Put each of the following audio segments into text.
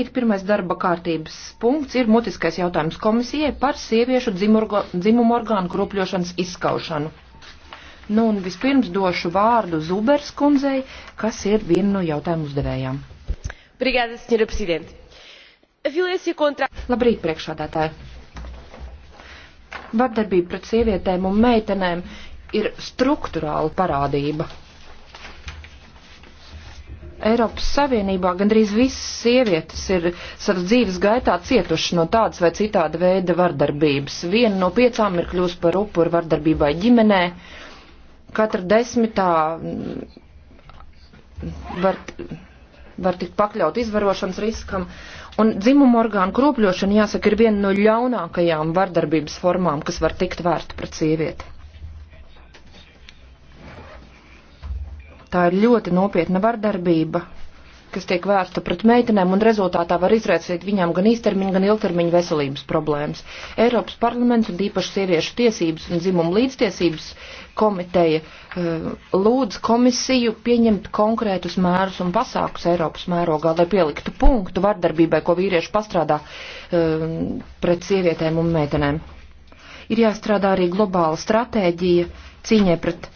rīt pirmais darba kārtības punkts ir mutiskais jautājums komisijai par sieviešu dzimurgo, dzimumu orgānu kropļošanas izskaušanu. Nu un vispirms došu vārdu Zubers kundzei, kas ir viena no jautājumu uzdevējām. Brigāda, senjora prezidente. Violēsija kontra... Labrīt, priekšādātāji. Vardarbība pret sievietēm un meitenēm ir struktūrāla parādība Eiropas Savienībā gandrīz visas sievietes ir savas dzīves gaitā cietuši no tādas vai citāda veida vardarbības. Viena no piecām ir kļūst par upuru vardarbībai ģimenē. Katra desmitā var, var tikt pakļaut izvarošanas riskam. Un dzimumu orgānu kropļošana, jāsaka, ir viena no ļaunākajām vardarbības formām, kas var tikt vērta pret sievieti. Tā ir ļoti nopietna vardarbība, kas tiek vērsta pret meitenēm un rezultātā var izraisīt viņām gan īstermiņa, gan ilgtermiņa veselības problēmas. Eiropas parlaments un īpaši sieviešu tiesības un dzimumu līdztiesības komiteja eh, lūdz komisiju pieņemt konkrētus mērus un pasākus Eiropas mērogā, lai pieliktu punktu vardarbībai, ko vīrieši pastrādā eh, pret sievietēm un meitenēm. Ir jāstrādā arī globāla stratēģija cīņai pret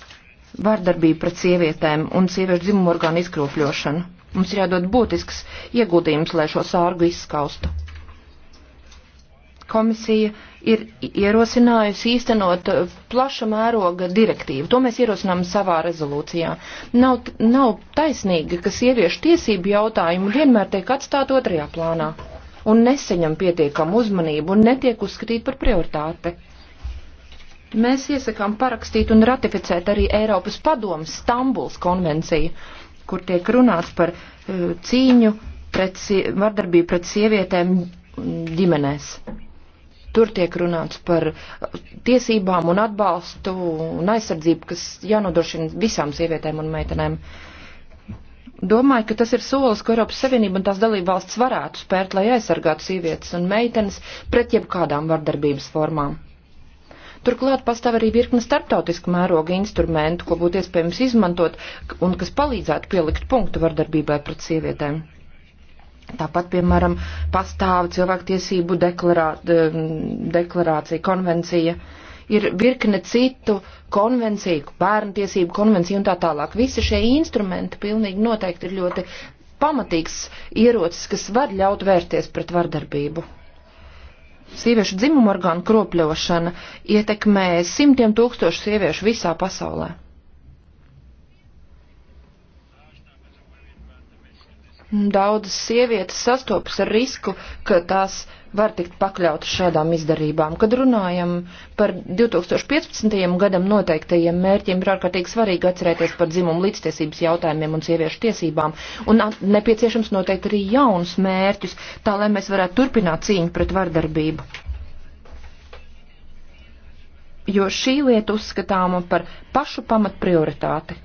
vārdarbību pret sievietēm un sieviešu dzimumu orgānu izkropļošanu. Mums ir jādod būtisks ieguldījums, lai šo sārgu izskaustu. Komisija ir ierosinājusi īstenot plaša mēroga direktīvu. To mēs ierosinām savā rezolūcijā. Nav, nav taisnīgi, ka sieviešu tiesību jautājumu vienmēr tiek atstāt otrajā plānā un neseņem pietiekamu uzmanību un netiek uzskatīt par prioritāti Mēs iesakām parakstīt un ratificēt arī Eiropas padomas Stambuls konvenciju, kur tiek runāts par eh, cīņu pret, vardarbību pret sievietēm ģimenēs. Tur tiek runāts par eh, tiesībām un atbalstu un aizsardzību, kas jānodrošina visām sievietēm un meitenēm. Domāju, ka tas ir solis, ko Eiropas Savienība un tās dalība valsts varētu spērt, lai aizsargātu sievietes un meitenes pret jebkādām vardarbības formām. Turklāt pastāv arī virkne starptautisku mēroga instrumentu, ko būtu iespējams izmantot un kas palīdzētu pielikt punktu vardarbībai pret sievietēm. Tāpat, piemēram, pastāv cilvēktiesību deklarā, deklarācija, konvencija, ir virkne citu konvenciju, bērnu tiesību konvenciju un tā tālāk. Visi šie instrumenti pilnīgi noteikti ir ļoti pamatīgs ierocis, kas var ļaut vērsties pret vardarbību sieviešu dzimumu orgānu kropļošana ietekmē simtiem tūkstošu sieviešu visā pasaulē. Daudzas sievietes sastopas ar risku, ka tās var tikt pakļautas šādām izdarībām. Kad runājam par 2015. gadam noteiktajiem mērķiem, ir ārkārtīgi svarīgi atcerēties par dzimumu līdztiesības jautājumiem un sieviešu tiesībām, un nepieciešams noteikt arī jaunus mērķus, tā lai mēs varētu turpināt cīņu pret vardarbību. Jo šī lieta uzskatāma par pašu pamat prioritāti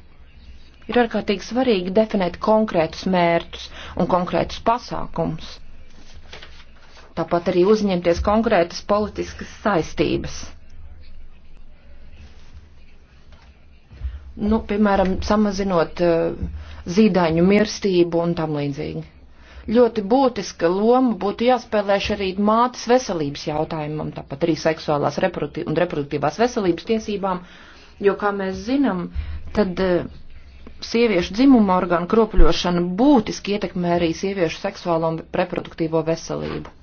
ir ārkārtīgi svarīgi definēt konkrētus mērķus un konkrētus pasākumus. Tāpat arī uzņemties konkrētas politiskas saistības. Nu, piemēram, samazinot uh, zīdaiņu mirstību un tam līdzīgi ļoti būtiska loma būtu jāspēlē arī mātes veselības jautājumam, tāpat arī seksuālās reprodukti un reproduktīvās veselības tiesībām, jo, kā mēs zinām, tad uh, sieviešu dzimuma orgānu kropļošana būtiski ietekmē arī sieviešu seksuālo un reproduktīvo veselību.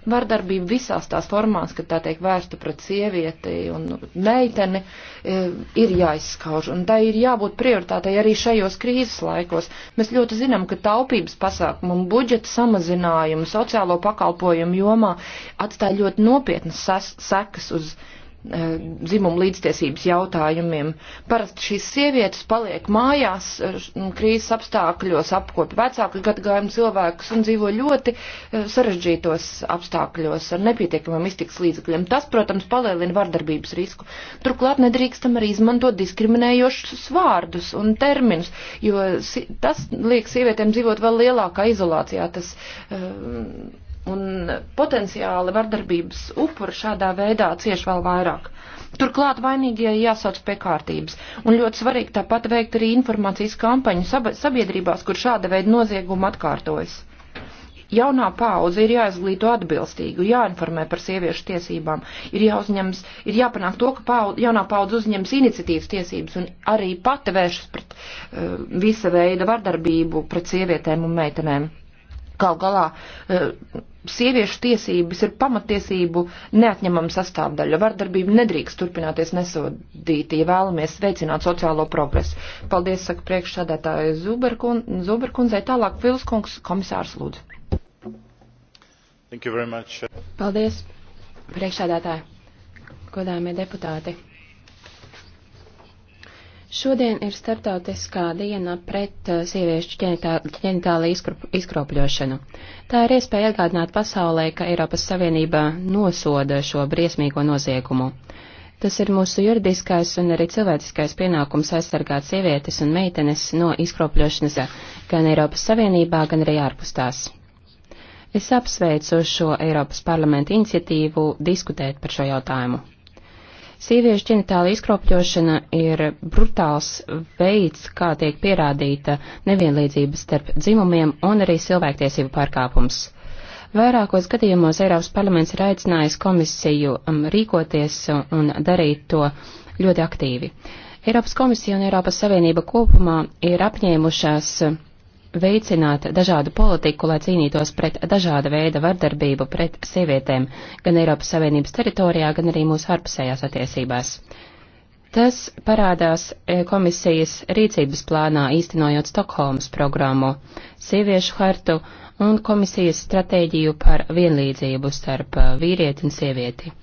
Vardarbība visās tās formās, kad tā tiek vērsta pret sievieti un meiteni, e, ir jāizskauž, un tai ir jābūt prioritātei arī šajos krīzes laikos. Mēs ļoti zinām, ka taupības pasākumu un budžeta samazinājumu sociālo pakalpojumu jomā atstāja ļoti nopietnas sekas uz uh, Eh, dzimumu līdztiesības jautājumiem. Parasti šīs sievietes paliek mājās eh, krīzes apstākļos, apkopi vecāku gadagājumu cilvēkus un dzīvo ļoti eh, sarežģītos apstākļos ar nepietiekamiem iztiks līdzekļiem. Tas, protams, palielina vardarbības risku. Turklāt nedrīkstam arī izmantot diskriminējošus vārdus un terminus, jo tas liek sievietēm dzīvot vēl lielākā izolācijā. Tas, um, un potenciāli vardarbības upuri šādā veidā cieš vēl vairāk. Turklāt vainīgie jāsauc pie kārtības, un ļoti svarīgi tāpat veikt arī informācijas kampaņu sabiedrībās, kur šāda veida nozieguma atkārtojas. Jaunā paudze ir jāizglīto atbilstīgu, jāinformē par sieviešu tiesībām, ir, jāuzņems, ir jāpanāk to, ka paud, jaunā paudze uzņems iniciatīvas tiesības un arī pati vēršas pret uh, visa veida vardarbību pret sievietēm un meitenēm. Gal galā uh, sieviešu tiesības ir pamatiesību neatņemama sastāvdaļa. Vardarbība nedrīkst turpināties nesodīti, ja vēlamies veicināt sociālo progresu. Paldies, saka priekšsādātāja Zuberkundzei. Zuberkun, tālāk Vilskungs, komisārs lūdzu. Paldies, priekšsādātāja, godāmie deputāti. Šodien ir startautiskā diena pret eh, sieviešu ģenitāli izkropļošanu. Tā ir iespēja atgādināt pasaulē, ka Eiropas Savienība nosoda šo briesmīgo noziegumu. Tas ir mūsu juridiskais un arī cilvēciskais pienākums aizsargāt sievietes un meitenes no izkropļošanas gan Eiropas Savienībā, gan arī ārpus tās. Es apsveicu šo Eiropas parlamenta iniciatīvu diskutēt par šo jautājumu. Sieviešu ģenitāla izkropļošana ir brutāls veids, kā tiek pierādīta nevienlīdzības starp dzimumiem un arī cilvēktiesību pārkāpums. Vairākos gadījumos Eiropas parlaments ir aicinājis komisiju um, rīkoties un darīt to ļoti aktīvi. Eiropas komisija un Eiropas Savienība kopumā ir apņēmušās veicināt dažādu politiku, lai cīnītos pret dažāda veida vardarbību pret sievietēm, gan Eiropas Savienības teritorijā, gan arī mūsu ārpusējās attiecībās. Tas parādās e, komisijas rīcības plānā īstenojot Stokholmas programmu, sieviešu hartu un komisijas stratēģiju par vienlīdzību starp e, vīrieti un sievieti.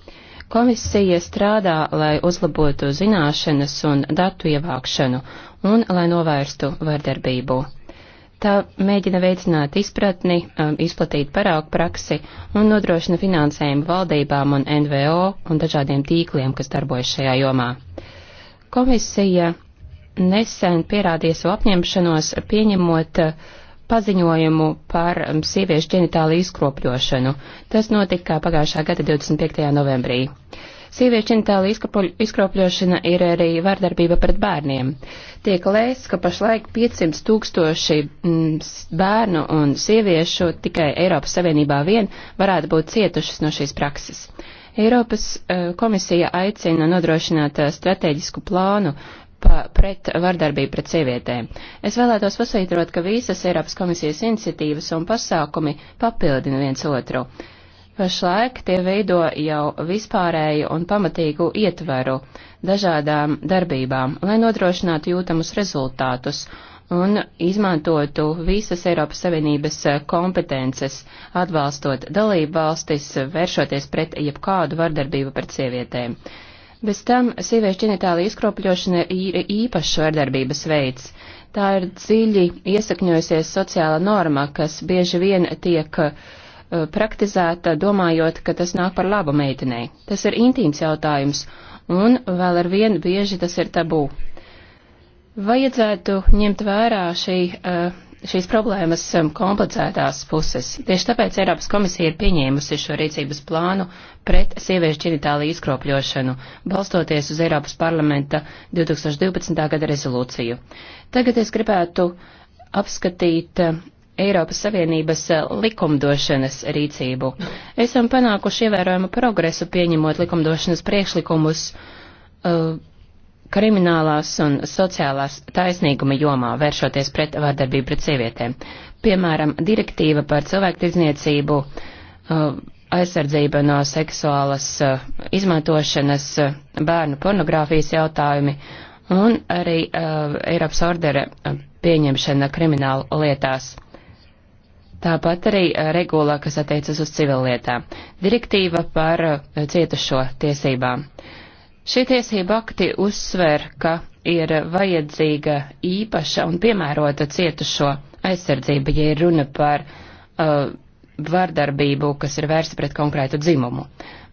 Komisija strādā, lai uzlabotu zināšanas un datu ievākšanu un lai novērstu vardarbību. Tā mēģina veicināt izpratni, um, izplatīt paraugu praksi un nodrošina finansējumu valdībām un NVO un dažādiem tīkliem, kas darbojas šajā jomā. Komisija nesen pierādīja savu apņemšanos pieņemot uh, paziņojumu par um, sieviešu ģenitālu izkropļošanu. Tas notika pagājušā gada 25. novembrī. Sieviešu ģenitāla izkropļošana ir arī vārdarbība pret bērniem. Tiek lēsts, ka pašlaik 500 tūkstoši mm, bērnu un sieviešu tikai Eiropas Savienībā vien varētu būt cietušas no šīs prakses. Eiropas e, komisija aicina nodrošināt e, strateģisku plānu pa, pret vardarbību pret sievietēm. Es vēlētos pasvītrot, ka visas Eiropas komisijas iniciatīvas un pasākumi papildina viens otru. Pašlaik tie veido jau vispārēju un pamatīgu ietveru dažādām darbībām, lai nodrošinātu jūtamus rezultātus un izmantotu visas Eiropas Savienības kompetences, atbalstot dalību valstis, vēršoties pret jebkādu vardarbību pret sievietēm. Bez tam sieviešu ģenitālija izkropļošana ir īpašs vardarbības veids. Tā ir dziļi iesakņojusies sociāla norma, kas bieži vien tiek uh, Eh, praktizēta, domājot, ka tas nāk par labu meitenei. Tas ir intīms jautājums, un vēl ar vienu bieži tas ir tabū. Vajadzētu ņemt vērā šī, eh, šīs problēmas eh, komplicētās puses. Tieši tāpēc Eiropas komisija ir pieņēmusi šo rīcības plānu pret sieviešu ģenitāliju izkropļošanu, balstoties uz Eiropas parlamenta 2012. gada rezolūciju. Tagad es gribētu apskatīt Eiropas Savienības eh, likumdošanas rīcību. Esam panākuši ievērojumu progresu pieņemot likumdošanas priekšlikumus uh, kriminālās un sociālās taisnīguma jomā, vēršoties pret vārdarbību pret sievietēm. Piemēram, direktīva par cilvēktirdzniecību, uh, aizsardzība no seksuālas uh, izmantošanas, bērnu pornogrāfijas jautājumi un arī uh, Eiropas ordere pieņemšana krimināla lietās. Tāpat arī eh, regulā, kas attiecas uz civillietām. Direktīva par eh, cietušo tiesībām. Šie tiesība akti uzsver, ka ir vajadzīga īpaša un piemērota cietušo aizsardzība, ja ir runa par uh, vardarbību, kas ir vērsta pret konkrētu dzimumu.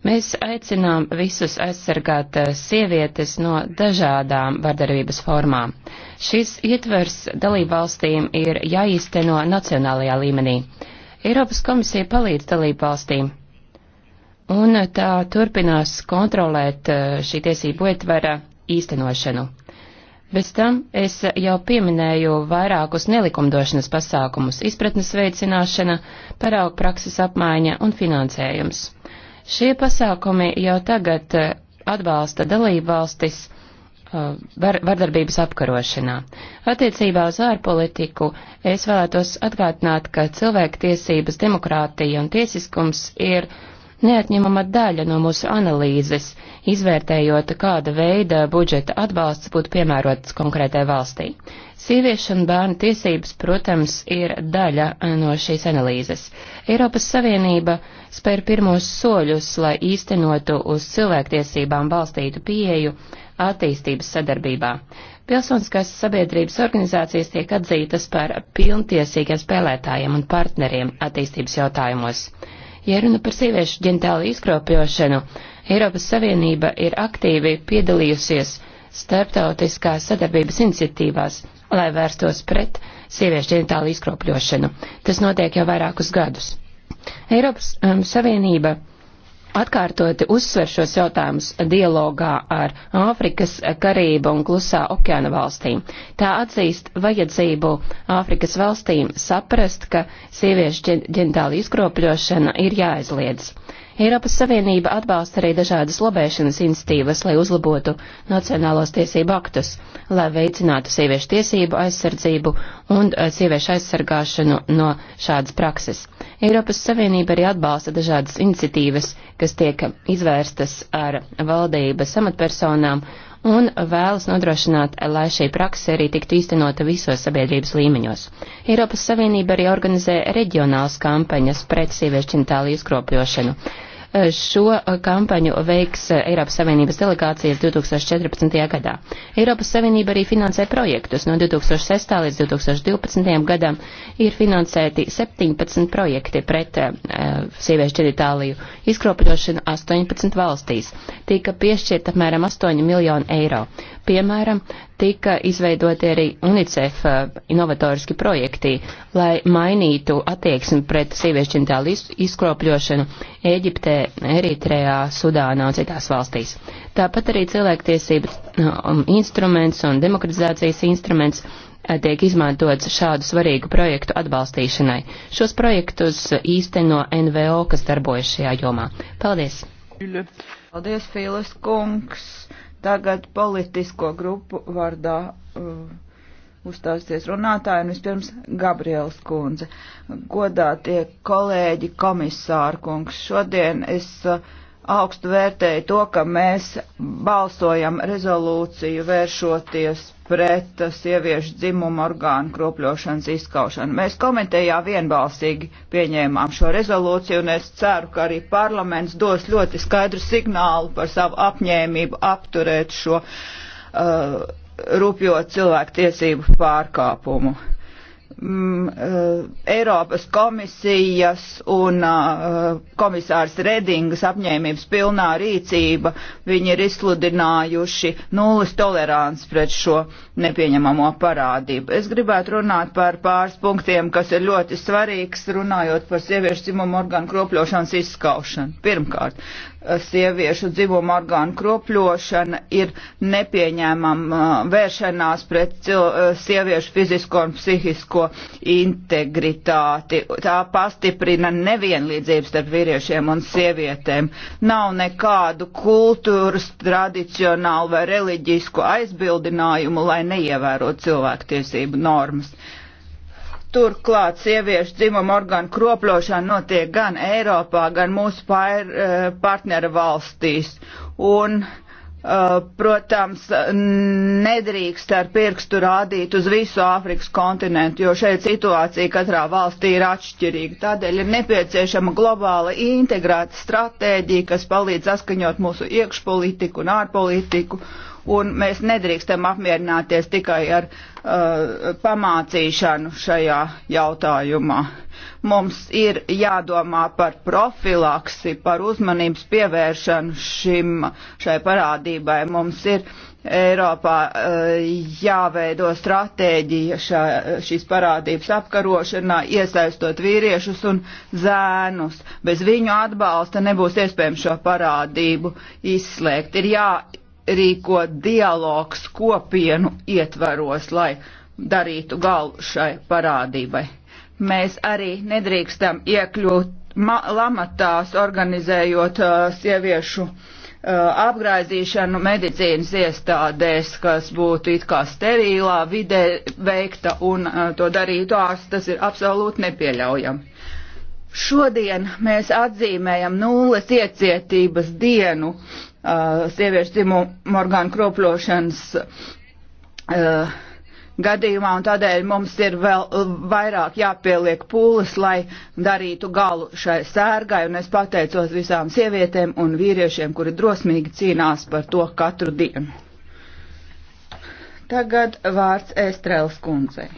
Mēs aicinām visus aizsargāt eh, sievietes no dažādām vardarbības formām. Šis ietvers dalībvalstīm ir jāīsteno nacionālajā līmenī. Eiropas komisija palīdz dalībvalstīm, un tā turpinās kontrolēt eh, šī tiesību ietvera īstenošanu. Bez tam es jau pieminēju vairākus nelikumdošanas pasākumus - izpratnes veicināšana, paraugu prakses apmaiņa un finansējums. Šie pasākumi jau tagad eh, atbalsta dalību valstis eh, var, vardarbības apkarošanā. Attiecībā uz ārpolitiku es vēlētos atgādināt, ka cilvēktiesības, demokrātija un tiesiskums ir neatņemama daļa no mūsu analīzes, izvērtējot, kāda veida budžeta atbalsts būtu piemērots konkrētai valstī. Sīviešu un bērnu tiesības, protams, ir daļa eh, no šīs analīzes. Eiropas Savienība spēr pirmos soļus, lai īstenotu uz cilvēktiesībām balstītu pieeju attīstības sadarbībā. Pilsoniskās sabiedrības organizācijas tiek atzītas par pilntiesīgiem spēlētājiem un partneriem attīstības jautājumos. Ja runa par sieviešu ģentālu izkropļošanu, Eiropas Savienība ir aktīvi piedalījusies starptautiskās sadarbības iniciatīvās, lai vērstos pret sieviešu ģentālu izkropļošanu. Tas notiek jau vairākus gadus. Eiropas um, Savienība atkārtoti uzsver šos jautājumus dialogā ar Āfrikas, Karību un Klusā okeāna valstīm. Tā atzīst vajadzību Āfrikas valstīm saprast, ka sieviešu ģenitāla izkropļošana ir jāaizliedz. Eiropas Savienība atbalsta arī dažādas lobēšanas institīvas, lai uzlabotu nacionālos tiesību aktus, lai veicinātu sieviešu tiesību aizsardzību un eh, sieviešu aizsargāšanu no šādas prakses. Eiropas Savienība arī atbalsta dažādas iniciatīvas, kas tiek izvērstas ar valdības amatpersonām un vēlas nodrošināt, lai šī praksa arī tiktu īstenota visos sabiedrības līmeņos. Eiropas Savienība arī organizē reģionālas kampaņas pret sieviešu ģenitāliju izkropļošanu. Šo kampaņu veiks Eiropas Savienības delegācijas 2014. gadā. Eiropas Savienība arī finansē projektus. No 2006. līdz 2012. gadam ir finansēti 17 projekti pret uh, sieviešu ģenitāliju izkropļošanu 18 valstīs. Tika piešķirt apmēram 8 miljonu eiro. Piemēram, tika izveidoti arī UNICEF eh, inovatoriski projekti, lai mainītu attieksmi pret sieviešu ģenitālu izkropļošanu Ēģiptē, Eritrejā, Sudānā un citās valstīs. Tāpat arī cilvēktiesības um, instruments un demokratizācijas instruments eh, tiek izmantots šādu svarīgu projektu atbalstīšanai. Šos projektus īsteno NVO, kas darbojas šajā jomā. Paldies! Paldies, Fīles kungs! Tagad politisko grupu vārdā uh, uzstāsies runātāji, un vispirms Gabriels kundze. Godā tie kolēģi komisāra kungs. Šodien es uh, augstu vērtēju to, ka mēs balsojam rezolūciju vēršoties pret sieviešu dzimumu orgānu kropļošanas izskaušanu. Mēs komitejā vienbalsīgi pieņēmām šo rezolūciju, un es ceru, ka arī parlaments dos ļoti skaidru signālu par savu apņēmību apturēt šo uh, rupjo cilvēku tiesību pārkāpumu mm, eh, Eiropas komisijas un uh, komisārs Redingas apņēmības pilnā rīcība. Viņi ir izsludinājuši nulles tolerants pret šo nepieņemamo parādību. Es gribētu runāt par pāris punktiem, kas ir ļoti svarīgs, runājot par sieviešu dzimumu orgānu kropļošanas izskaušanu. Pirmkārt, eh, sieviešu dzimumu orgānu kropļošana ir nepieņēmama vēršanās pret sieviešu fizisko un psihisko integritāti. Tā pastiprina nevienlīdzības starp vīriešiem un sievietēm. Nav nekādu kultūras, tradicionālu vai reliģisku aizbildinājumu, lai neievērot cilvēktiesību normas. Turklāt sieviešu dzimumu orgānu kropļošana notiek gan Eiropā, gan mūsu pār, eh, partneru valstīs. Un uh, Uh, protams, nedrīkst ar pirkstu rādīt uz visu Āfrikas kontinentu, jo šeit situācija katrā valstī ir atšķirīga. Tādēļ ir nepieciešama globāla integrēta stratēģija, kas palīdz saskaņot mūsu iekšpolitiku un ārpolitiku, un mēs nedrīkstam apmierināties tikai ar uh, Uh, pamācīšanu šajā jautājumā. Mums ir jādomā par profilaksi, par uzmanības pievēršanu šim, šai parādībai. Mums ir Eiropā uh, jāveido stratēģija šā, šīs parādības apkarošanā, iesaistot vīriešus un zēnus. Bez viņu atbalsta nebūs iespējams šo parādību izslēgt. Ir jā, jārīko dialogs kopienu ietvaros, lai darītu galu šai parādībai. Mēs arī nedrīkstam iekļūt lamatās, organizējot uh, sieviešu uh, apgraizīšanu medicīnas iestādēs, kas būtu it kā sterīlā vidē veikta un uh, to darītu ārsts, tas ir absolūti nepieļaujami. Šodien mēs atzīmējam nulles iecietības dienu, uh, Uh, sieviešu dzimumu orgānu kropļošanas uh, gadījumā, un tādēļ mums ir vēl uh, vairāk jāpieliek pūles, lai darītu galu šai sērgai, un es pateicos visām sievietēm un vīriešiem, kuri drosmīgi cīnās par to katru dienu. Tagad vārds Estrēlas kundzei.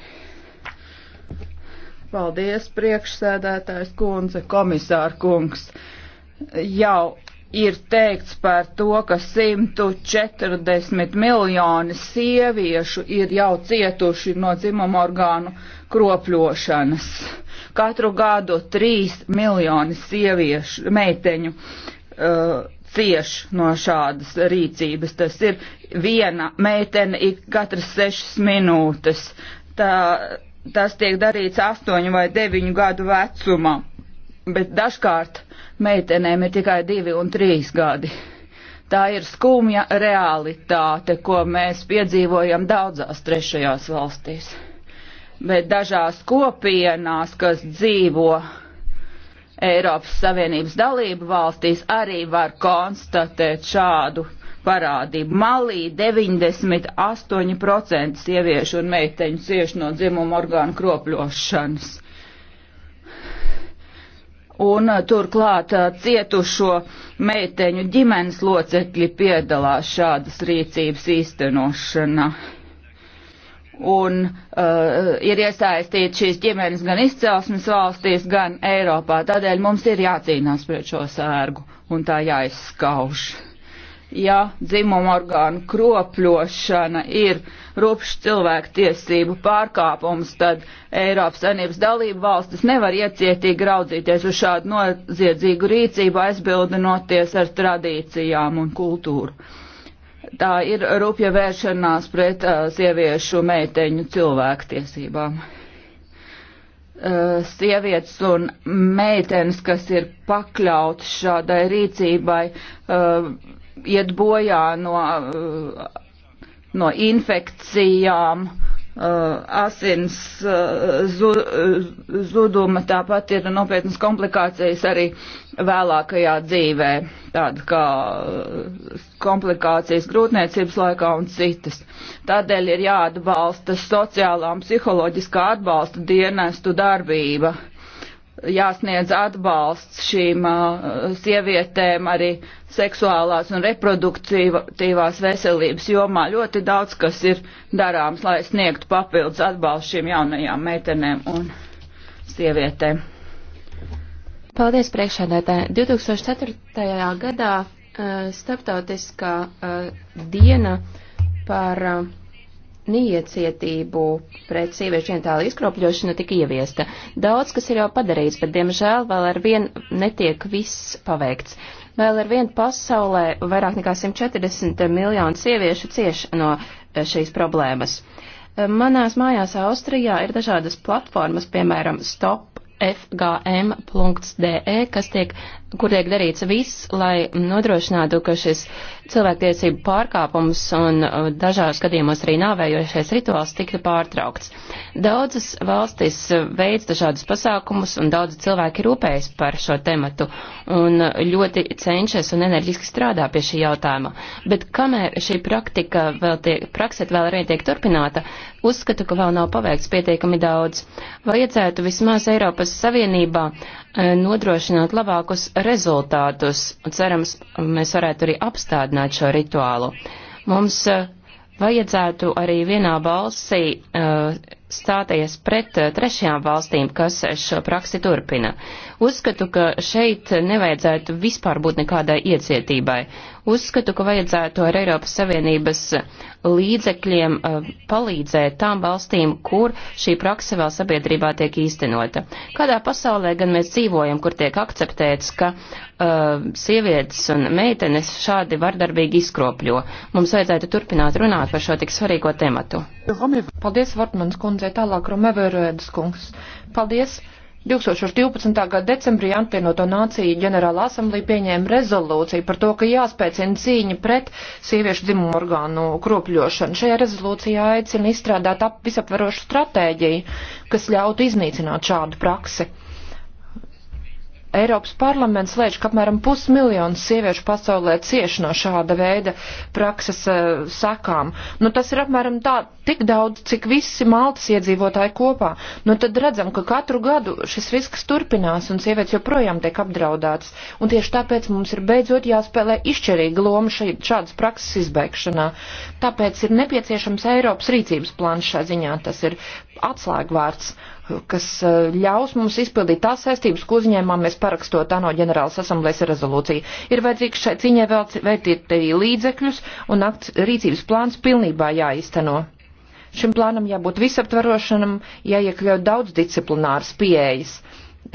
Paldies, priekšsēdētājs kundze, komisāra kungs. Jau ir teikts par to, ka 140 miljoni sieviešu ir jau cietuši no dzimuma orgānu kropļošanas. Katru gadu 3 miljoni sieviešu, meiteņu uh, cieš no šādas rīcības. Tas ir viena meitene ik katras 6 minūtes. Tā, tas tiek darīts 8 vai 9 gadu vecumā bet dažkārt meitenēm ir tikai divi un trīs gadi. Tā ir skumja realitāte, ko mēs piedzīvojam daudzās trešajās valstīs. Bet dažās kopienās, kas dzīvo Eiropas Savienības dalību valstīs, arī var konstatēt šādu parādību. Malī 98% sieviešu un meiteņu cieši no dzimuma orgānu kropļošanas un eh, turklāt eh, cietušo meiteņu ģimenes locekļi piedalās šādas rīcības īstenošanā. Un uh, ir iesaistīti šīs ģimenes gan izcelsmes valstīs, gan Eiropā. Tādēļ mums ir jācīnās pret šo sērgu un tā jāizskauž ja dzimuma orgānu kropļošana ir rupšs cilvēku tiesību pārkāpums, tad Eiropas Savienības dalību valstis nevar iecietīgi raudzīties uz šādu noziedzīgu rīcību, aizbildinoties ar tradīcijām un kultūru. Tā ir rupja vēršanās pret uh, sieviešu meiteņu cilvēku tiesībām. Uh, sievietes un meitenes, kas ir pakļautas šādai rīcībai, uh, iet bojā no, no infekcijām, eh, asins eh, eh, zuduma, tāpat ir nopietnas komplikācijas arī vēlākajā dzīvē, tāda kā komplikācijas grūtniecības laikā un citas. Tādēļ ir jāatbalsta sociālā un psiholoģiskā atbalsta dienestu darbība jāsniedz atbalsts šīm sievietēm arī seksuālās un reproduktīvās veselības jomā. Ļoti daudz, kas ir darāms, lai sniegtu papildus atbalstu šīm jaunajām meitenēm un sievietēm. Paldies priekšādētāji. 2004. gadā uh, starptautiskā uh, diena par uh, neiecietību pret sieviešu ģenitālu izkropļošanu tika ieviesta. Daudz, kas ir jau padarīts, bet, diemžēl, vēl ar vien netiek viss paveikts. Vēl ar vien pasaulē vairāk nekā 140 miljonu sieviešu cieš no eh, šīs problēmas. Eh, manās mājās Austrijā ir dažādas platformas, piemēram, stop fgm.de, kas tiek kur tiek darīts viss, lai nodrošinātu, ka šis cilvēktiesību pārkāpums un uh, dažās gadījumos arī nāvējošais rituāls tiktu pārtraukts. Daudzas valstis uh, veids dažādus pasākumus un daudzi cilvēki rūpējas par šo tematu un uh, ļoti cenšas un enerģiski strādā pie šī jautājuma. Bet kamēr šī praktika vēl tiek, prakset vēl arī tiek turpināta, uzskatu, ka vēl nav paveikts pietiekami daudz. Vajadzētu vismaz Eiropas Savienībā Eh, nodrošināt labākus rezultātus. Cerams, mēs varētu arī apstādināt šo rituālu. Mums eh, vajadzētu arī vienā balsī uh, stāties pret eh, trešajām valstīm, kas šo praksi turpina. Uzskatu, ka šeit nevajadzētu vispār būt nekādai iecietībai. Uzskatu, ka vajadzētu ar Eiropas Savienības līdzekļiem eh, palīdzēt tām valstīm, kur šī praksa vēl sabiedrībā tiek īstenota. Kādā pasaulē gan mēs dzīvojam, kur tiek akceptēts, ka uh, sievietes un meitenes šādi vardarbīgi izkropļo? Mums vajadzētu turpināt runāt par šo tik svarīgo tematu. Paldies, Vortmans kundze kundzei tālāk Romeverēdas kungs. Paldies! 2012. gada decembrī apvienoto nāciju ģenerāla asamblī pieņēma rezolūciju par to, ka jāspēcina cīņa pret sieviešu dzimumu orgānu kropļošanu. Šajā rezolūcijā aicina izstrādāt visapverošu stratēģiju, kas ļautu iznīcināt šādu praksi. Eiropas parlaments lēš, ka apmēram pusmiljons sieviešu pasaulē cieš no šāda veida prakses uh, eh, sakām. Nu, tas ir apmēram tā, tik daudz, cik visi Maltas iedzīvotāji kopā. Nu, tad redzam, ka katru gadu šis risks turpinās un sievietes joprojām tiek apdraudētas. Un tieši tāpēc mums ir beidzot jāspēlē izšķirīga loma šeit, šādas prakses izbeigšanā. Tāpēc ir nepieciešams Eiropas rīcības plāns šā ziņā. Tas ir atslēgvārds. Uh, kas eh, ļaus mums izpildīt tās saistības, ko uzņēmāmies parakstot ANO ģenerālas asamblēs rezolūciju. Ir vajadzīgs šai cīņai veltīt arī līdzekļus un akts, rīcības plāns pilnībā jāizteno. Šim plānam jābūt visaptvarošanam, jāiekļaut daudz disciplināras pieejas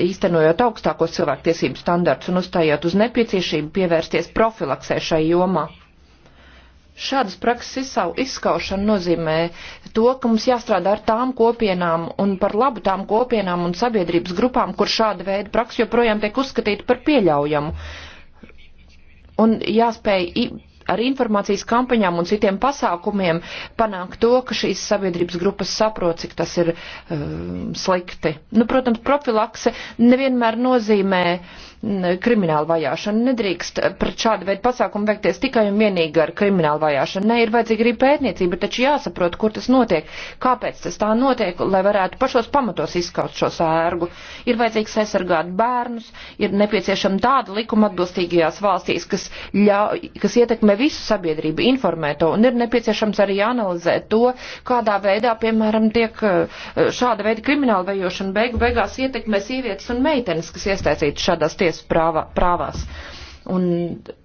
īstenojot augstākos cilvēktiesību standarts un uzstājot uz nepieciešību pievērsties profilaksē šai jomā. Šādas prakses izskaušana nozīmē to, ka mums jāstrādā ar tām kopienām un par labu tām kopienām un sabiedrības grupām, kur šāda veida praksa joprojām tiek uzskatīta par pieļaujamu. Un jāspēj ar informācijas kampaņām un citiem pasākumiem panākt to, ka šīs sabiedrības grupas saprot, cik tas ir uh, slikti. Nu, protams, profilakse nevienmēr nozīmē mm, kriminālu vajāšanu. Nedrīkst pret šādu veidu pasākumu veikties tikai un vienīgi ar kriminālu vajāšanu. Nē, ir vajadzīga arī pētniecība, taču jāsaprot, kur tas notiek, kāpēc tas tā notiek, lai varētu pašos pamatos izskaust šo sērgu. Ir vajadzīgs aizsargāt bērnus, ir nepieciešama tāda likuma atbilstīgajās valstīs, kas, ļauj, kas ietekmē visu sabiedrību informēto, un ir nepieciešams arī analizē to, kādā veidā, piemēram, tiek eh, šāda veida krimināla vējošana beigu beigās ietekmē sievietes un meitenes, kas iesaistītas šādās tiesas prāvā, prāvās. Un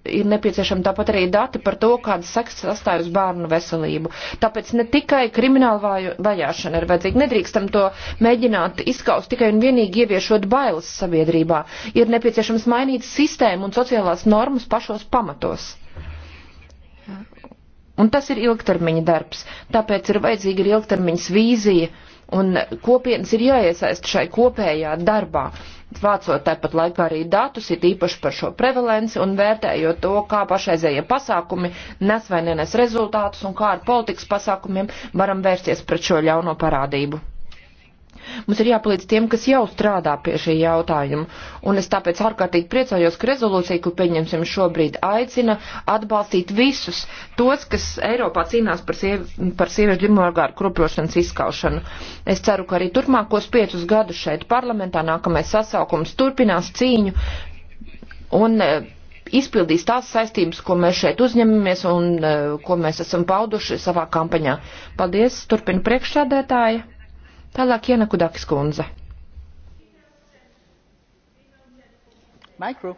ir nepieciešama tāpat arī dati par to, kādas sekas sastāv uz bērnu veselību. Tāpēc ne tikai krimināla vajāšana ir vajadzīga, nedrīkstam to mēģināt izskaust tikai un vienīgi ieviešot bailes sabiedrībā. Ir nepieciešams mainīt sistēmu un sociālās normas pašos pamatos. Un tas ir ilgtermiņa darbs, tāpēc ir vajadzīga ir ilgtermiņas vīzija, un kopienas ir jāiesaist šai kopējā darbā, vācot tāpat laikā arī datus, ir īpaši par šo prevalenci un vērtējot to, kā pašreizējie pasākumi nes vai nenes rezultātus un kā ar politikas pasākumiem varam vērsties pret šo ļauno parādību. Mums ir jāpalīdz tiem, kas jau strādā pie šī jautājuma. Un es tāpēc ārkārtīgi priecājos, ka rezolūcija, ko pieņemsim šobrīd, aicina atbalstīt visus tos, kas Eiropā cīnās par, sievi, par sieviešu dimorgāru kropļošanas izskaušanu. Es ceru, ka arī turpmākos piecus gadus šeit parlamentā nākamais sasaukums turpinās cīņu. Un, e, izpildīs tās saistības, ko mēs šeit uzņemamies un uh, ko mēs esam pauduši savā kampaņā. Paldies, turpina priekšsādētāja. Tālāk Jana Kudakis kundze. Micro.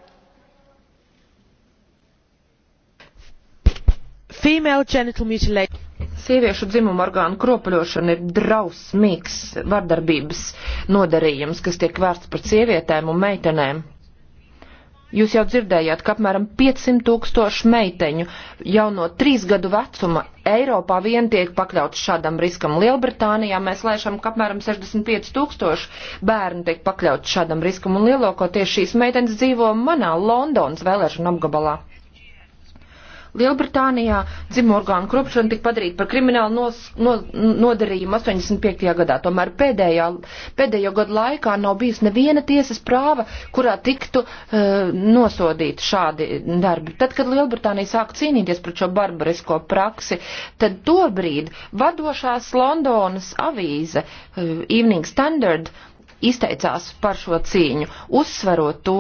Female genital mutilation sieviešu dzimumu orgānu kropaļošana ir drausmīgs vardarbības nodarījums, kas tiek vērsts pret sievietēm un meitenēm. Jūs jau dzirdējāt, ka apmēram 500 tūkstoši meiteņu jau no trīs gadu vecuma Eiropā vien tiek pakļauts šādam riskam. Lielbritānijā mēs lēšam, ka apmēram 65 tūkstoši bērni tiek pakļauts šādam riskam, un lielāko tieši šīs meitenes dzīvo manā Londonas vēlēšana apgabalā. Lielbritānijā dzimorgānu krupšana tika padarīta par kriminālu nos, no, nodarījumu 85. gadā. Tomēr pēdējā, pēdējo gadu laikā nav bijis neviena tiesas prāva, kurā tiktu uh, nosodīti šādi darbi. Tad, kad Lielbritānija sāka cīnīties par šo barbarisko praksi, tad tobrīd vadošās Londonas avīze uh, Evening Standard izteicās par šo cīņu, uzsverot to,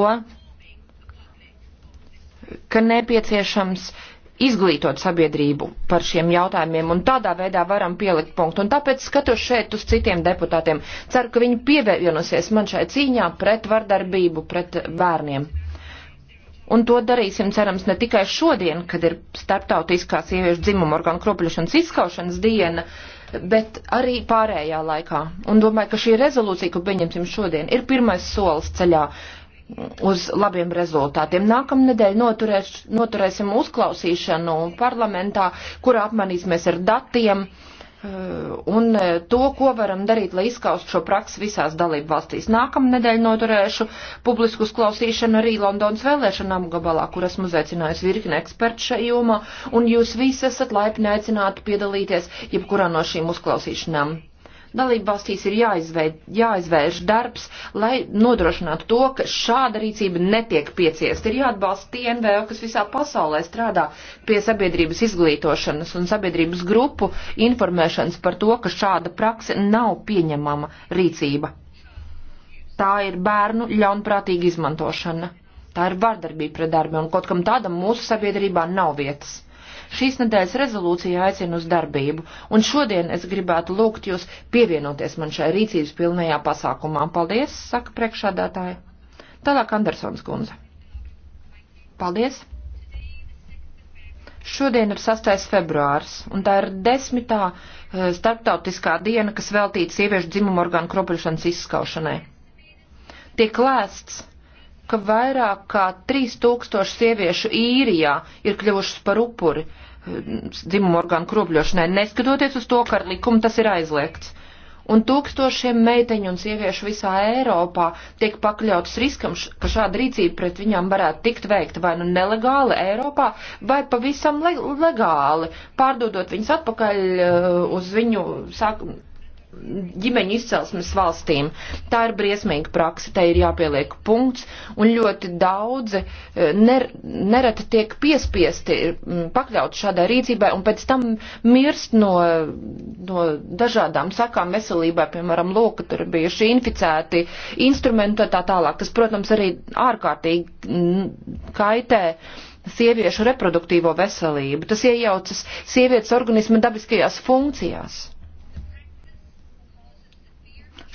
ka nepieciešams uh, izglītot sabiedrību par šiem jautājumiem un tādā veidā varam pielikt punktu. Un tāpēc skatos šeit uz citiem deputātiem. Ceru, ka viņi pievienosies man šai cīņā pret vardarbību, pret bērniem. Un to darīsim, cerams, ne tikai šodien, kad ir starptautiskā sieviešu dzimuma orgānu kropļošanas izskaušanas diena, bet arī pārējā laikā. Un domāju, ka šī rezolūcija, ko pieņemsim šodien, ir pirmais solis ceļā uz labiem rezultātiem. Nākamnedēļ noturēs, noturēsim uzklausīšanu parlamentā, kurā apmanīsimies ar datiem eh, un eh, to, ko varam darīt, lai izskaustu šo praksi visās dalību valstīs. Nākamnedēļ noturēšu publisku klausīšanu arī Londonas vēlēšanām gabalā, kur esmu uzaicinājusi virkni ekspertu šajā jomā, un jūs visi esat laipni aicināti piedalīties jebkurā no šīm uzklausīšanām. Dalība valstīs ir jāizveid, jāizvērš darbs, lai nodrošinātu to, ka šāda rīcība netiek pieciest. Ir jāatbalsta tie NVO, kas visā pasaulē strādā pie sabiedrības izglītošanas un sabiedrības grupu informēšanas par to, ka šāda prakse nav pieņemama rīcība. Tā ir bērnu ļaunprātīga izmantošana. Tā ir vardarbība pret darbu, un kaut kam tādam mūsu sabiedrībā nav vietas. Šīs nedēļas rezolūcija aicina uz darbību, un šodien es gribētu lūgt jūs pievienoties man šai rīcības pilnajā pasākumā. Paldies, saka priekšādātāja. Tālāk Andersons kundze. Paldies. Šodien ir 6. februārs, un tā ir desmitā eh, starptautiskā diena, kas veltīta sieviešu dzimumu orgānu kropļošanas izskaušanai. Tiek lēsts, ka vairāk kā 3000 sieviešu īrijā ir kļuvušas par upuri mm, dzimumu orgānu kropļošanai, neskatoties uz to, ka ar likumu tas ir aizliegts. Un tūkstošiem meiteņu un sieviešu visā Eiropā tiek pakļautas riskam, ka šāda rīcība pret viņām varētu tikt veikta vai nu nelegāli Eiropā, vai pavisam le legāli, pārdodot viņas atpakaļ eh, uz viņu sākumu ģimeņu izcelsmes valstīm. Tā ir briesmīga praksa, tai ir jāpieliek punkts, un ļoti daudzi e, ner, nereti tiek piespiesti pakļaut šādai rīcībai, un pēc tam mirst no, no dažādām sakām veselībai, piemēram, lūk, tur bija šī inficēti instrumenti un tā tālāk, kas, protams, arī ārkārtīgi kaitē sieviešu reproduktīvo veselību. Tas iejaucas sievietes organisma dabiskajās funkcijās.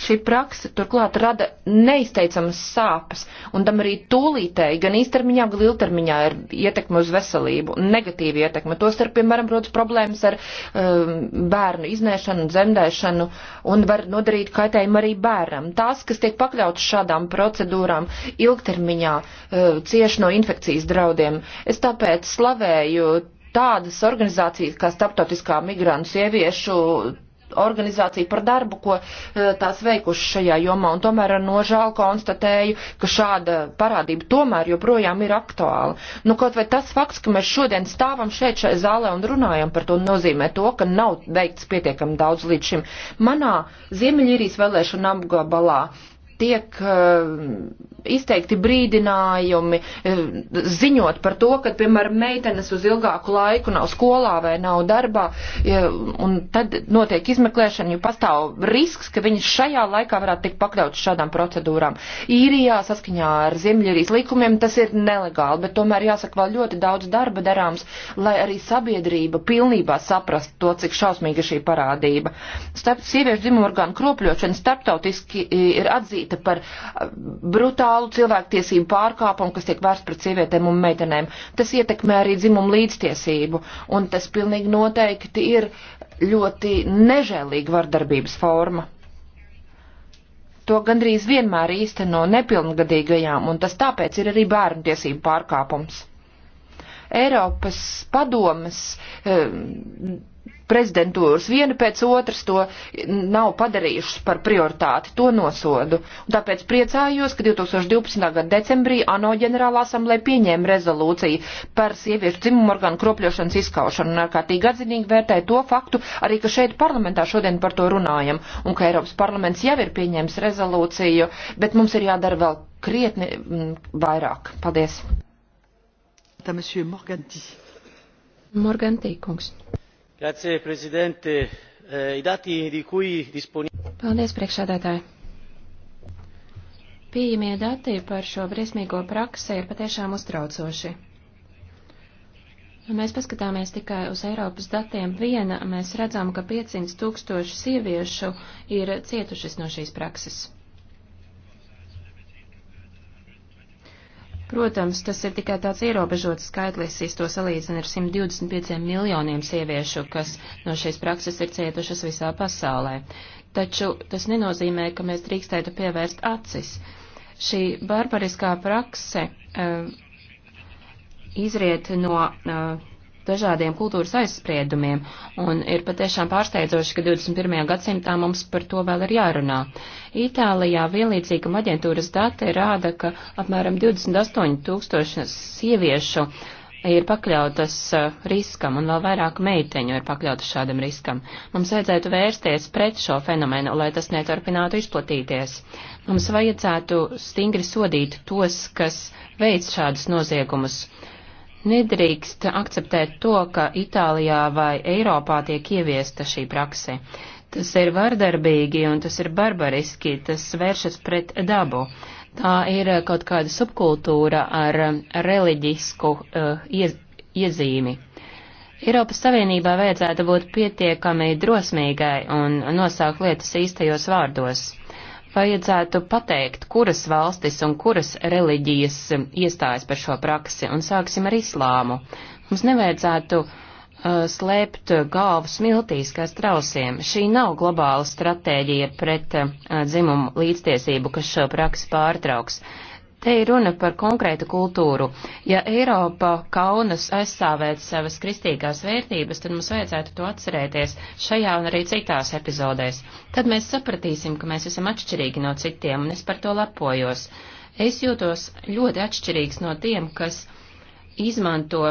Šī praksa turklāt rada neizteicamas sāpes, un tam arī tūlītēji gan īstermiņā, gan ilgtermiņā ir ietekme uz veselību, negatīva ietekme. Tostarp, piemēram, rodas problēmas ar um, bērnu iznēšanu, dzemdēšanu, un var nodarīt kaitējumu arī bērnam. Tās, kas tiek pakļautas šādām procedūrām, ilgtermiņā uh, cieši no infekcijas draudiem. Es tāpēc slavēju tādas organizācijas kā Starptautiskā migrantu sieviešu organizāciju par darbu, ko eh, tās veikuši šajā jomā. Un tomēr ar nožēlu konstatēju, ka šāda parādība tomēr joprojām ir aktuāla. Nu, kaut vai tas fakts, ka mēs šodien stāvam šeit šai zālē un runājam par to, nozīmē to, ka nav veikts pietiekami daudz līdz šim. Manā Ziemeļīrijas vēlēšana apgabalā tiek eh, izteikti brīdinājumi, eh, ziņot par to, ka, piemēram, meitenes uz ilgāku laiku nav skolā vai nav darbā, un tad notiek izmeklēšana, jo pastāv risks, ka viņas šajā laikā varētu tikt pakļauts šādām procedūrām. Īrijā saskaņā ar Ziemļirijas likumiem tas ir nelegāli, bet tomēr jāsaka vēl ļoti daudz darba darāms, lai arī sabiedrība pilnībā saprast to, cik šausmīga šī parādība. Starp sieviešu dzimumorgānu kropļošana starptautiski eh, ir atzīta padarīta par uh, brutālu cilvēktiesību pārkāpumu, kas tiek vērsts pret sievietēm un meitenēm. Tas ietekmē arī dzimumu līdztiesību, un tas pilnīgi noteikti ir ļoti nežēlīga vardarbības forma. To gandrīz vienmēr īsteno nepilngadīgajām, un tas tāpēc ir arī bērnu tiesību pārkāpums. Eiropas padomas eh, prezidentūras viena pēc otras to nav padarījušas par prioritāti, to nosodu. Un tāpēc priecājos, ka 2012. gada decembrī ANO ģenerāla asamblēja pieņēma rezolūciju par sieviešu dzimumu orgānu kropļošanas izskaušanu un ārkārtīgi atzinīgi vērtēja to faktu, arī ka šeit parlamentā šodien par to runājam un ka Eiropas parlaments jau ir pieņēmis rezolūciju, bet mums ir jādara vēl krietni mm, vairāk. Paldies! Tā, Morganti. Morganti, kungs. Grazie, prezidente. Eh, I dati di cui disponiamo. Paldies, priekšādātāji. Pieejamie dati par šo briesmīgo praksi ir patiešām uztraucoši. Ja mēs paskatāmies tikai uz Eiropas datiem viena, mēs redzam, ka 500 tūkstoši sieviešu ir cietušas no šīs prakses. Protams, tas ir tikai tāds ierobežots skaitlis, es to salīdzinu ar 125 miljoniem sieviešu, kas no šīs prakses ir cietušas visā pasaulē. Taču tas nenozīmē, ka mēs drīkstētu pievērst acis. Šī barbariskā prakse uh, izriet no uh, dažādiem kultūras aizspriedumiem, un ir patiešām pārsteidzoši, ka 21. gadsimtā mums par to vēl ir jārunā. Itālijā vienlīdzīgam aģentūras dati rāda, ka apmēram 28 tūkstoši sieviešu ir pakļautas uh, riskam, un vēl vairāk meiteņu ir pakļautas šādam riskam. Mums vajadzētu vērsties pret šo fenomenu, lai tas neturpinātu izplatīties. Mums vajadzētu stingri sodīt tos, kas veids šādus noziegumus Nedrīkst akceptēt to, ka Itālijā vai Eiropā tiek ieviesta šī prakse. Tas ir vardarbīgi un tas ir barbariski, tas vēršas pret dabu. Tā ir kaut kāda subkultūra ar reliģisku uh, eh, iez, iezīmi. Eiropas Savienībā vajadzētu būt pietiekami drosmīgai un nosaukt lietas īstajos vārdos vajadzētu pateikt, kuras valstis un kuras reliģijas iestājas par šo praksi, un sāksim ar islāmu. Mums nevajadzētu uh, slēpt galvu smiltīs kā strausiem. Šī nav globāla stratēģija pret uh, dzimumu līdztiesību, kas šo praksi pārtrauks. Uh, Te ir runa par konkrētu kultūru. Ja Eiropa kaunas aizstāvēt savas kristīgās vērtības, tad mums vajadzētu to atcerēties šajā un arī citās epizodēs. Tad mēs sapratīsim, ka mēs esam atšķirīgi no citiem, un es par to lepojos. Es jūtos ļoti atšķirīgs no tiem, kas izmanto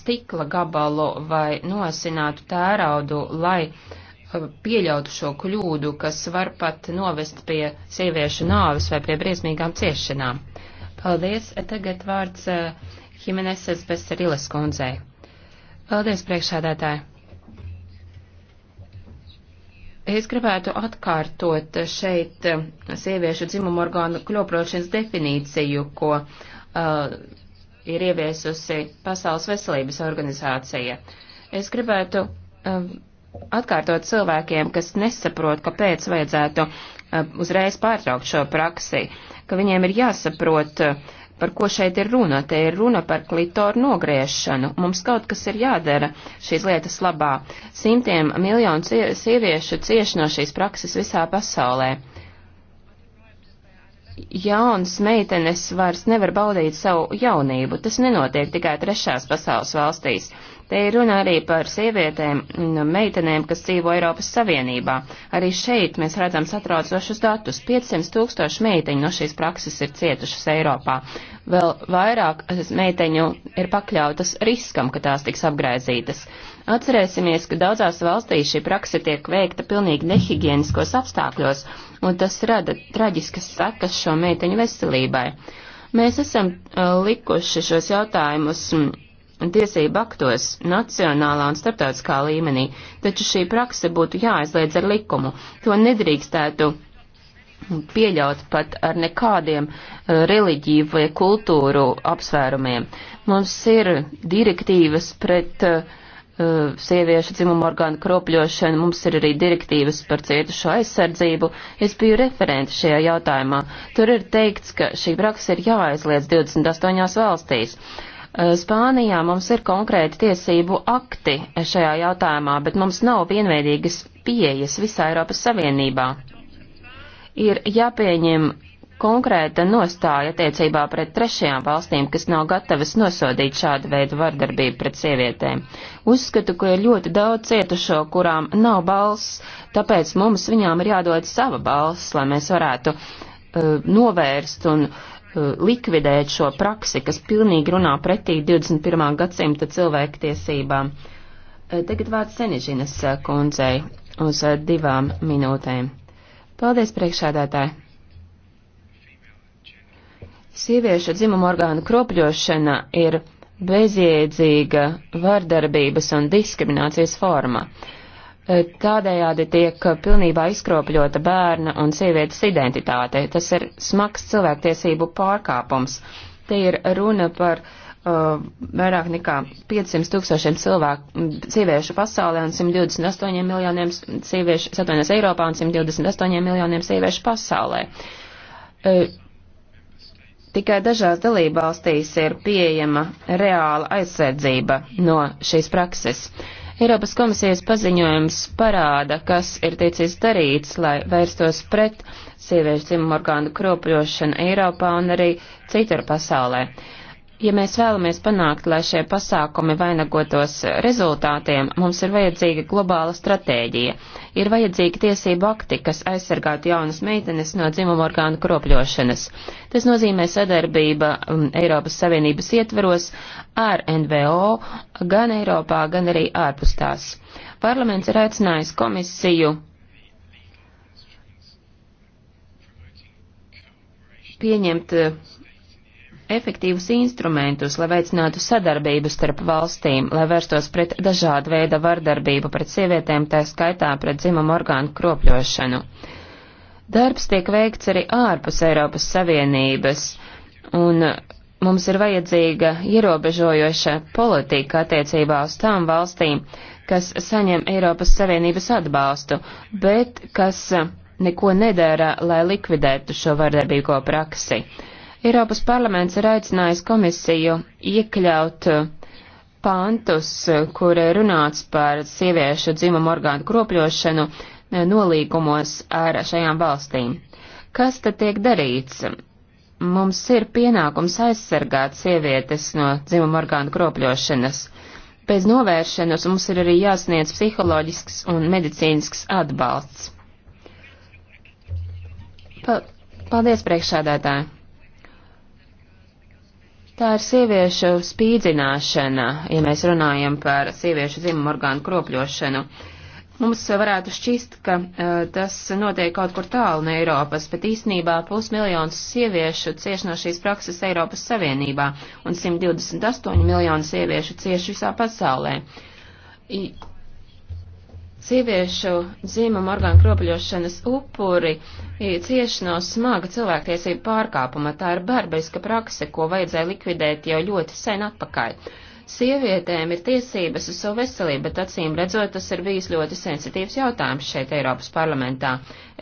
stikla gabalu vai nosinātu tēraudu, lai uh, pieļautu šo kļūdu, kas var pat novest pie sieviešu nāves vai pie briesmīgām ciešanām. Paldies. Tagad vārds Himeneses eh, Beseriles kundzei. Paldies, priekšādātāji. Es gribētu atkārtot šeit eh, sieviešu dzimumu orgānu kļoprošanas definīciju, ko uh, ir ieviesusi Pasaules veselības organizācija. Es gribētu uh, atkārtot cilvēkiem, kas nesaprot, kāpēc vajadzētu eh, uzreiz pārtraukt šo praksi, ka viņiem ir jāsaprot, eh, par ko šeit ir runa. Te ir runa par klitoru nogriešanu. Mums kaut kas ir jādara šīs lietas labā. Simtiem miljonu sieviešu cieš no šīs prakses visā pasaulē. Jauns meitenes vairs nevar baudīt savu jaunību. Tas nenotiek tikai trešās pasaules valstīs. Te ir runa arī par sievietēm un nu, meitenēm, kas dzīvo Eiropas Savienībā. Arī šeit mēs redzam satraucošus datus. 500 tūkstoši meiteņu no šīs prakses ir cietušas Eiropā. Vēl vairāk meiteņu ir pakļautas riskam, ka tās tiks apgraizītas. Atcerēsimies, ka daudzās valstīs šī praksa tiek veikta pilnīgi nehigieniskos apstākļos, un tas rada traģiskas sekas šo meiteņu veselībai. Mēs esam uh, likuši šos jautājumus mm, tiesību aktos nacionālā un starptautiskā līmenī, taču šī prakse būtu jāaizliedz ar likumu. To nedrīkstētu pieļaut pat ar nekādiem uh, reliģiju vai kultūru apsvērumiem. Mums ir direktīvas pret uh, uh, sieviešu dzimumu orgānu kropļošanu, mums ir arī direktīvas par cietušo aizsardzību. Es biju referenti šajā jautājumā. Tur ir teikts, ka šī praksa ir jāaizliedz 28 valstīs. Eh, Spānijā mums ir konkrēti tiesību akti šajā jautājumā, bet mums nav vienveidīgas pieejas visā Eiropas Savienībā. Ir jāpieņem konkrēta nostāja attiecībā pret trešajām valstīm, kas nav gatavas nosodīt šādu veidu vardarbību pret sievietēm. Uzskatu, ka ir ļoti daudz cietušo, kurām nav balss, tāpēc mums viņām ir jādod sava balss, lai mēs varētu uh, novērst un uh, Eh, likvidēt šo praksi, kas pilnīgi runā pretī 21. gadsimta cilvēktiesībām. Eh, tagad vārds Senižinas eh, kundzei uz divām minūtēm. Paldies, priekšādātāji! Sieviešu dzimumu orgānu kropļošana ir bezjēdzīga vardarbības un diskriminācijas forma. Tādējādi tiek pilnībā izkropļota bērna un sievietes identitāte. Tas ir smags cilvēktiesību pārkāpums. Te ir runa par uh, vairāk nekā 500 tūkstošiem cilvēku sieviešu pasaulē un 128 miljoniem sieviešu, satvainojas Eiropā un 128 miljoniem sieviešu pasaulē. Uh, tikai dažās dalībvalstīs ir pieejama reāla aizsardzība no šīs prakses. Uh, Eiropas komisijas paziņojums parāda, kas ir ticis darīts, lai vērstos pret sieviešu dzimumu orgānu kropļošanu Eiropā un arī citur pasaulē. Ja mēs vēlamies panākt, lai šie pasākumi vainagotos rezultātiem, mums ir vajadzīga globāla stratēģija. Ir vajadzīga tiesība akti, kas aizsargātu jaunas meitenes no dzimuma orgānu kropļošanas. Tas nozīmē sadarbība um, Eiropas Savienības ietveros ar NVO gan Eiropā, gan arī ārpus tās. Parlaments ir aicinājis komisiju pieņemt efektīvus instrumentus, lai veicinātu sadarbību starp valstīm, lai vērstos pret dažādu veidu vardarbību pret sievietēm, tā skaitā pret dzimumu orgānu kropļošanu. Darbs tiek veikts arī ārpus Eiropas Savienības, un mums ir vajadzīga ierobežojoša politika attiecībā uz tām valstīm, kas saņem Eiropas Savienības atbalstu, bet kas neko nedara, lai likvidētu šo vardarbīgo praksi. Eiropas parlaments ir aicinājis komisiju iekļaut uh, pantus, uh, kur runāts par sieviešu dzimumu orgānu kropļošanu uh, nolīgumos ar šajām valstīm. Kas tad tiek darīts? Mums ir pienākums aizsargāt sievietes no dzimumu orgānu kropļošanas. Pēc novēršanas mums ir arī jāsniedz psiholoģisks un medicīnisks atbalsts. Pa paldies, priekšādātāji! Tā ir sieviešu spīdzināšana, ja mēs runājam par sieviešu dzimumu orgānu kropļošanu. Mums varētu šķist, ka uh, tas notiek kaut kur tālu no Eiropas, bet īsnībā pusmiljons sieviešu cieš no šīs prakses Eiropas Savienībā un 128 miljonu sieviešu cieš visā pasaulē. I sieviešu dzīmumu orgānu kropļošanas upuri cieši no smaga cilvēktiesību pārkāpuma. Tā ir barbariska prakse, ko vajadzēja likvidēt jau ļoti sen atpakaļ. Sievietēm ir tiesības uz savu veselību, bet acīm redzot, tas ir bijis ļoti sensitīvs jautājums šeit Eiropas parlamentā.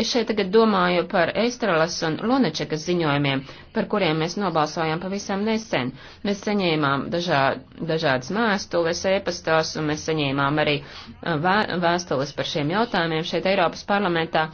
Es šeit tagad domāju par Eistralas un Lunačekas ziņojumiem, par kuriem mēs nobalsojām pavisam nesen. Mēs saņēmām dažā, dažādas mēstules, ēpastās, un mēs saņēmām arī uh, vē, vēstules par šiem jautājumiem šeit Eiropas parlamentā.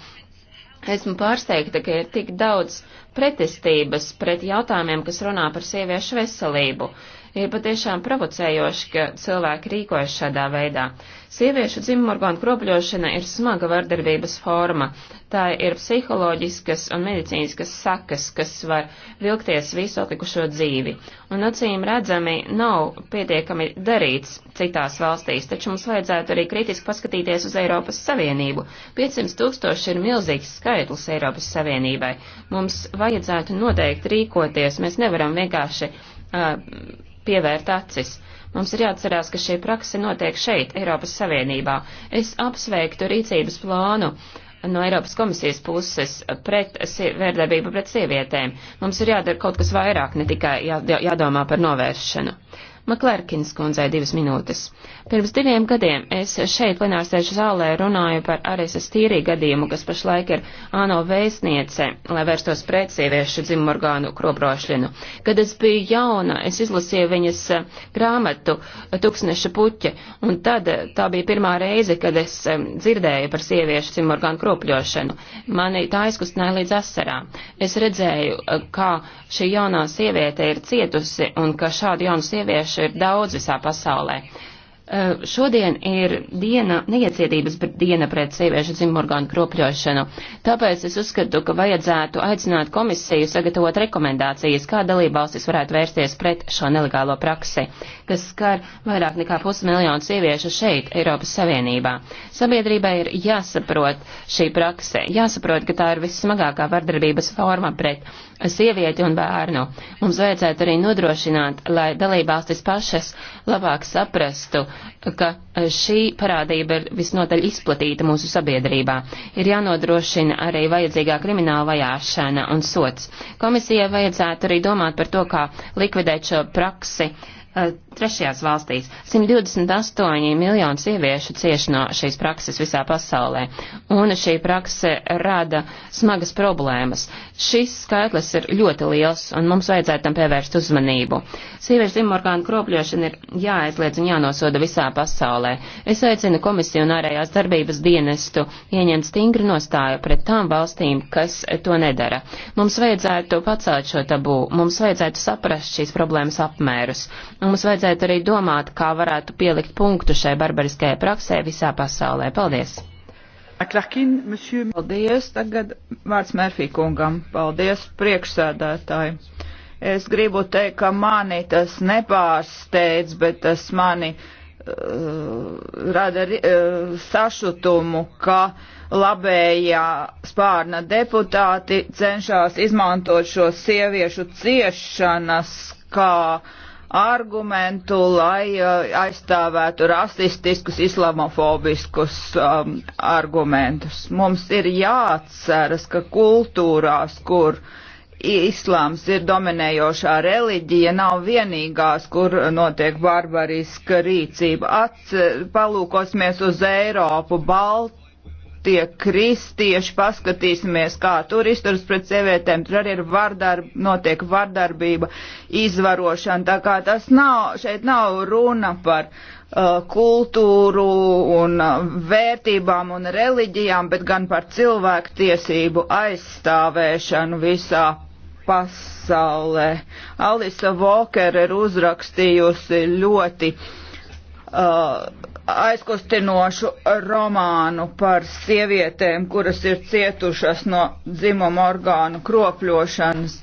Esmu pārsteigta, ka ir tik daudz pretestības pret jautājumiem, kas runā par sieviešu veselību. Uh, Ir patiešām provocējoši, ka cilvēki rīkojas šādā veidā. Sieviešu dzimumorgānu kropļošana ir smaga vardarbības forma. Tā ir psiholoģiskas un medicīniskas sakas, kas var vilkties visu atlikušo dzīvi. Un acīm redzami nav pietiekami darīts citās valstīs, taču mums vajadzētu arī kritiski paskatīties uz Eiropas Savienību. 500 tūkstoši ir milzīgs skaitlis Eiropas Savienībai. Mums vajadzētu noteikti rīkoties, mēs nevaram vienkārši. Uh, pievērt acis. Mums ir jāatcerās, ka šī prakse notiek šeit, Eiropas Savienībā. Es apsveiktu rīcības plānu no Eiropas komisijas puses pret vērdarbību pret sievietēm. Mums ir jādara kaut kas vairāk, ne tikai jā, jādomā par novēršanu. Maklērkins kundzei divas minūtes. Pirms diviem gadiem es šeit plenārsēžu zālē runāju par Arises tīrī gadījumu, kas pašlaik ir ANO vēstniece, lai vērstos pret sieviešu dzimorgānu krobrošļinu. Kad es biju jauna, es izlasīju viņas eh, grāmatu eh, Tuksneša puķe, un tad eh, tā bija pirmā reize, kad es dzirdēju par sieviešu dzimorgānu kropļošanu. Mani tā aizkustināja līdz asarām. Es redzēju, kā šī jaunā sieviete ir cietusi un ka šādu jaunu sieviešu ir daudz visā pasaulē. Eh, šodien ir diena, neiecietības diena pret sieviešu dzimurgānu kropļošanu, tāpēc es uzskatu, ka vajadzētu aicināt komisiju sagatavot rekomendācijas, kā dalībvalstis varētu vērsties pret šo nelegālo praksi, kas skar vairāk nekā pusmiljonu sieviešu šeit, Eiropas Savienībā. Sabiedrībai ir jāsaprot šī prakse, jāsaprot, ka tā ir vissmagākā vardarbības forma pret sievieti un bērnu. Mums vajadzētu arī nodrošināt, lai dalībvalstis pašas labāk saprastu, ka e, šī parādība ir visnotaļ izplatīta mūsu sabiedrībā. Ir jānodrošina arī vajadzīgā krimināla vajāšana un sots. Komisijai vajadzētu arī domāt par to, kā likvidēt šo praksi e, Trešajās valstīs 128 miljonu sieviešu cieš no šīs prakses visā pasaulē, un šī prakse rada smagas problēmas. Šis skaitlis ir ļoti liels, un mums vajadzētu tam pievērst uzmanību. Sieviešu dzimorgānu kropļošana ir jāaizliedz un jānosoda visā pasaulē. Es aicinu komisiju un ārējās darbības dienestu ieņemt stingru nostāju pret tām valstīm, kas to nedara. Mums vajadzētu pacelt šo tabū, mums vajadzētu saprast šīs problēmas apmērus, un mums vajadzētu vajadzētu arī domāt, kā varētu pielikt punktu šai barbariskajai praksē visā pasaulē. Paldies! Aklakin, monsieur... Paldies! Tagad vārds Mērfī kungam. Paldies, priekšsēdētāji! Es gribu teikt, ka mani tas nepārsteidz, bet tas mani uh, rada uh, sašutumu, ka labējā spārna deputāti cenšas izmantot šo sieviešu ciešanas kā uh, argumentu, lai uh, aizstāvētu rasistiskus, islamofobiskus um, argumentus. Mums ir jāatceras, ka kultūrās, kur islāms ir dominējošā reliģija, nav vienīgās, kur notiek barbariska rīcība. Atcer, palūkosimies uz Eiropu, Baltu tie kristieši, paskatīsimies, kā tur izturas pret sievietēm, tur arī ir vardarb, notiek vardarbība, izvarošana, tā kā tas nav, šeit nav runa par uh, kultūru un uh, vērtībām un reliģijām, bet gan par cilvēku tiesību aizstāvēšanu visā pasaulē. Alisa Vokere ir uzrakstījusi ļoti uh, aizkustinošu romānu par sievietēm, kuras ir cietušas no dzimuma orgānu kropļošanas.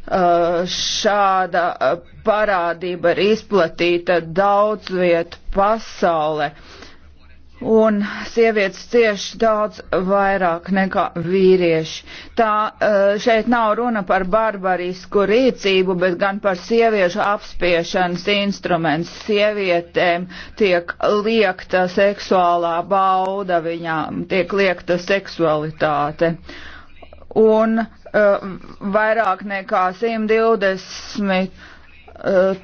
Uh, šāda uh, parādība ir izplatīta daudz vietu pasaulē un sievietes cieš daudz vairāk nekā vīrieši. Tā eh, šeit nav runa par barbarisku rīcību, bet gan par sieviešu apspiešanas instruments. Sievietēm tiek liekta seksuālā bauda, viņām tiek liekta seksualitāte. Un uh, vairāk nekā 120 uh, eh,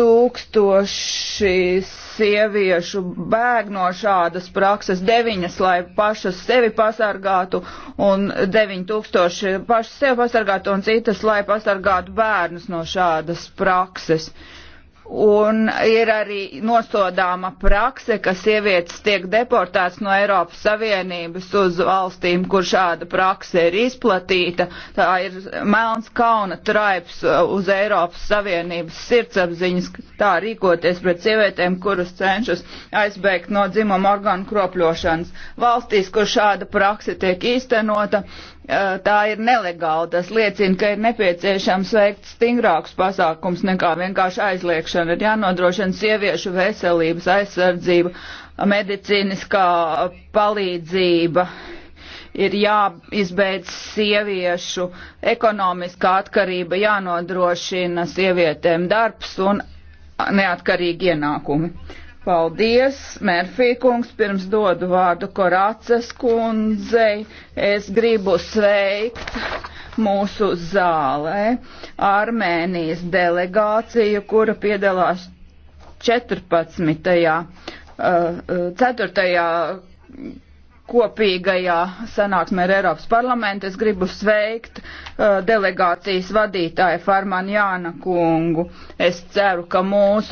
tūkstoši sieviešu bēg no šādas prakses, deviņas, lai pašas sevi pasargātu, un deviņi tūkstoši pašas sevi pasargātu, un citas, lai pasargātu bērnus no šādas prakses. Uh, Un ir arī nosodāma prakse, ka sievietes tiek deportētas no Eiropas Savienības uz valstīm, kur šāda prakse ir izplatīta. Tā ir melns kauna traips uh, uz Eiropas Savienības sirdsapziņas, tā rīkoties pret sievietēm, kuras cenšas aizbēgt no dzimuma orgānu kropļošanas. Valstīs, kur šāda prakse tiek īstenota, uh, tā ir nelegāla. Tas liecina, ka ir nepieciešams veikt stingrākus pasākums nekā vienkārši aizliekšana ievērošana, ir jānodrošina sieviešu veselības aizsardzība, medicīniskā palīdzība, ir jāizbeidz sieviešu ekonomiskā atkarība, jānodrošina sievietēm darbs un neatkarīgi ienākumi. Paldies, Mērfī kungs, pirms dodu vārdu Korāces kundzei. Es gribu sveikt mūsu zālē Armēnijas delegāciju, kura piedalās 14. 4. Uh, uh, kopīgajā sanāksmē ar Eiropas parlamentu. Es gribu sveikt uh, delegācijas vadītāju Farman Jāna kungu. Es ceru, ka mūsu